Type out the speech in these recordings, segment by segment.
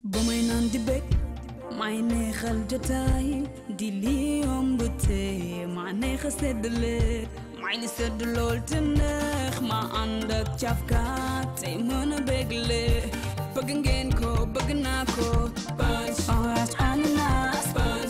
ba may naan di bég may neexal jotaay di lii yomb te maa neex a seddale may li sedd lool te neex ma ànd ak cafkaat tey mën a bégle bëgg ngeen ko bëgg naa ko punch orange ananas punch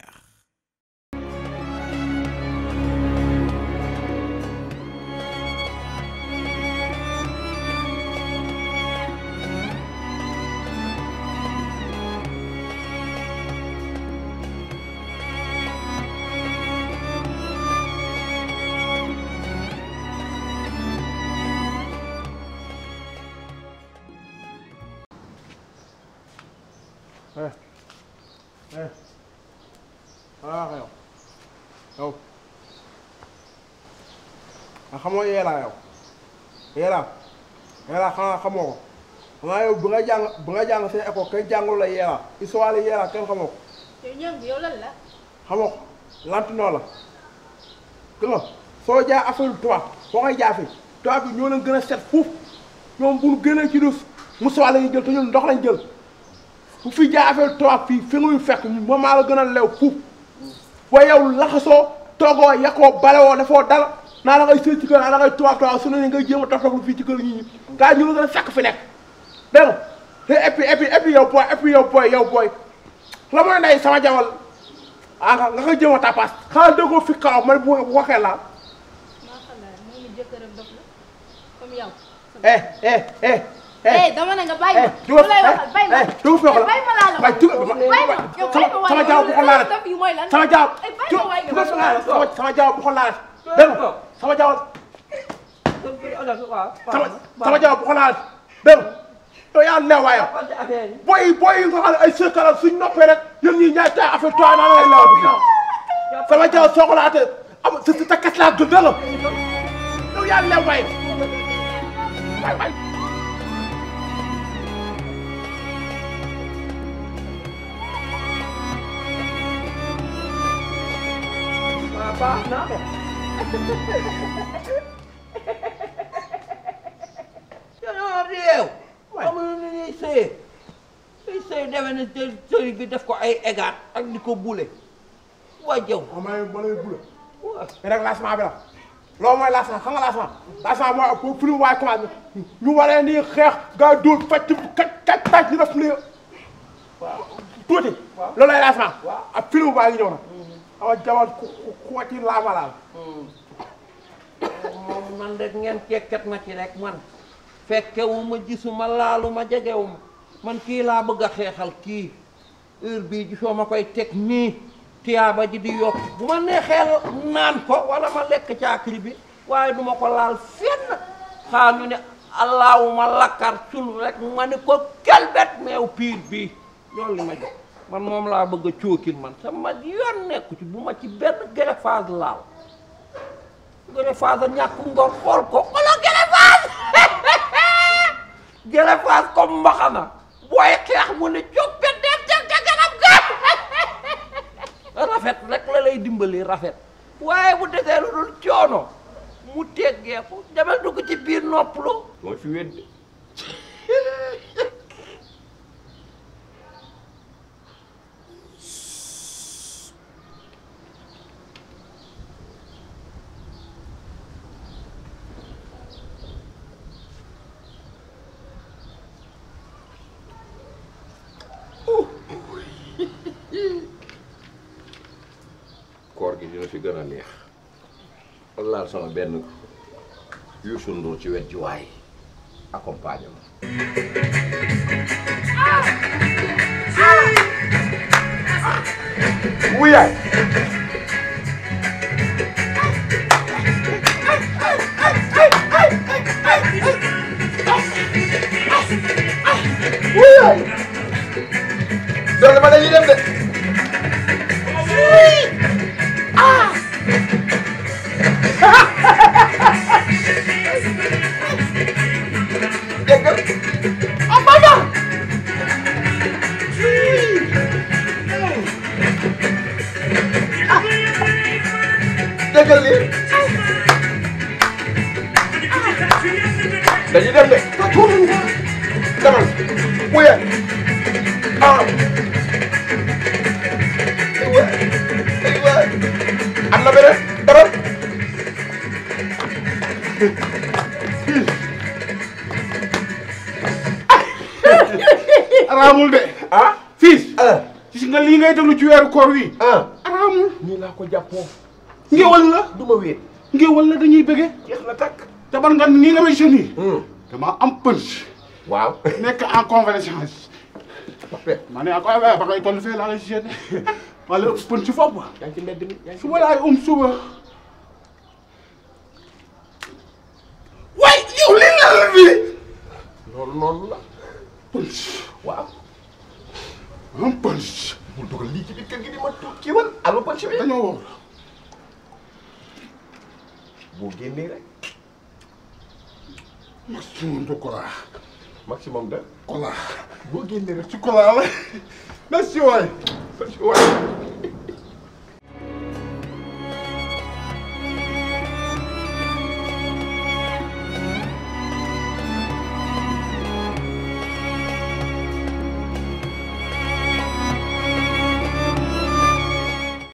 예. 예. 나가요. 요. 아, xamoo yeelaa yow. yeelaa. xamoo ko. xanaa yow bu nga jàng bu nga jàng seen école kenn jàngul la yeelaa. histoire yeelaa kenn xamoo ko. yow ñoom bi yow lan la. xamoo ko lantinoo la. gën nga soo jaa affaire tubaab boo koy ñoo leen gën a set fuuf ñoom bu ñu gën a ci def musuwaay la ñuy jël te ñun ndox lañ jël. bu fi jaa toog fii fi nguy fekk moom a la gën a lew fuuf waaye yow laxasoo toogoo yakoo balewoo dafoo dal naa la ngay sëy ci kër naa la ngay toog toog su ngay jéem a toog ci kër ñu a fekk fi nekk dégg nga te et puis booy et puis booy yow booy la mooy ndey sama jawal ah nga koy jéem a tapas xanaa déggoo fi kaw man bu waxee laa eh eh, eh. Eh, eh dama ne nga bàyyi ma. Eh, tuuba eh, bàyyi ma tuuba tuuba bàyyi ma laa la. waaye tuuba bàyyi ma sama jaaw bu ko laal sama jaaw. tuuba sama jaaw bu ko laal dégg nga sama jaaw. sama jaaw bu ko laal dégg nga yow yaa ne waaye booy yi nga xam ne ay suñ noppee rek yéen ñii ñaari taay affaire tuwaay naa la lay leew sama jaaw soo ko laatee am sa sa kese laa dundee passar nada. Senor Ariel. amul lu ñuy sëy. suy sëy demee na te sëy bi def ko ay égar ak di ko bule. waa jaww. waaw maa ngi lay bule. waaw rek lancement bi la. loolu mooy lancement xam nga lancement. lancement mooy pour pour mu waay commencé. ñu waree nii xeex gaa dóor fàcc kat kat kat ñu def nii waaw. tuuti. waaw loolu ay lancement. waaw baa ngi ñëw na. Mm-hmm. awa jawal ku ku ci laabalaal. Mm. moom man rek ngeen cekkat ma ci rek man fekkewuma gisuma laaluma jegewuma man kii laa bëgg a xeexal kii heure bii gisoo ma koy teg nii tiyaaba ji di yokk bu ma neexee naan ko wala ma lekk caakiri bi waaye duma ko laal fenn xaa ñu ne allahuma lakkar sul rek ma ne ko kelbet meew piir bii loolu li ma jox man moom laa bëgg a cookil man sama yoon nekku ci bu ma ci benn greffage laal greffage a ñàkk ngor xool ko xolo greffage greffage comme mbaxana booy xeex mu ne coppet def ca ca garab rafet rek la lay dimbali rafet waaye bu desee lu dul coono mu teggee ko demal dugg ci biir nopplu moo fi wedd gën a neex laal sama benn Youssou Ndour ci wet ji waay accompagné ma wuyaay wuyaay doon dama dem de jël lii dañuy dem de demal wuye ah aywa aywa am na beneen demal araamul de ah fiis ah. gis nga lii ngay déglu ci weeru koor ah. araamul nii laa ko jàppoo ngéwal la du ma wéet ngéwal la dañuy bëggee. jeex takk te man nga nii nga may jeunes hmm. dama am punch. waaw nekk en convergence. ma ne ah quoi waaw ba koy toll fee laa lay jeune wala punch foofu. yaa ngi um suba. waaye yow li lan la fi. loolu loolu la. punch waaw. am punch. mu dugal lii ci biir kër gi di ma tuut ci man. allo punch bi dañoo wóor. boo génnee rek. maximum de cola. maximum de. cola. boo génnee rek ci cola la. merci waay. merci waay.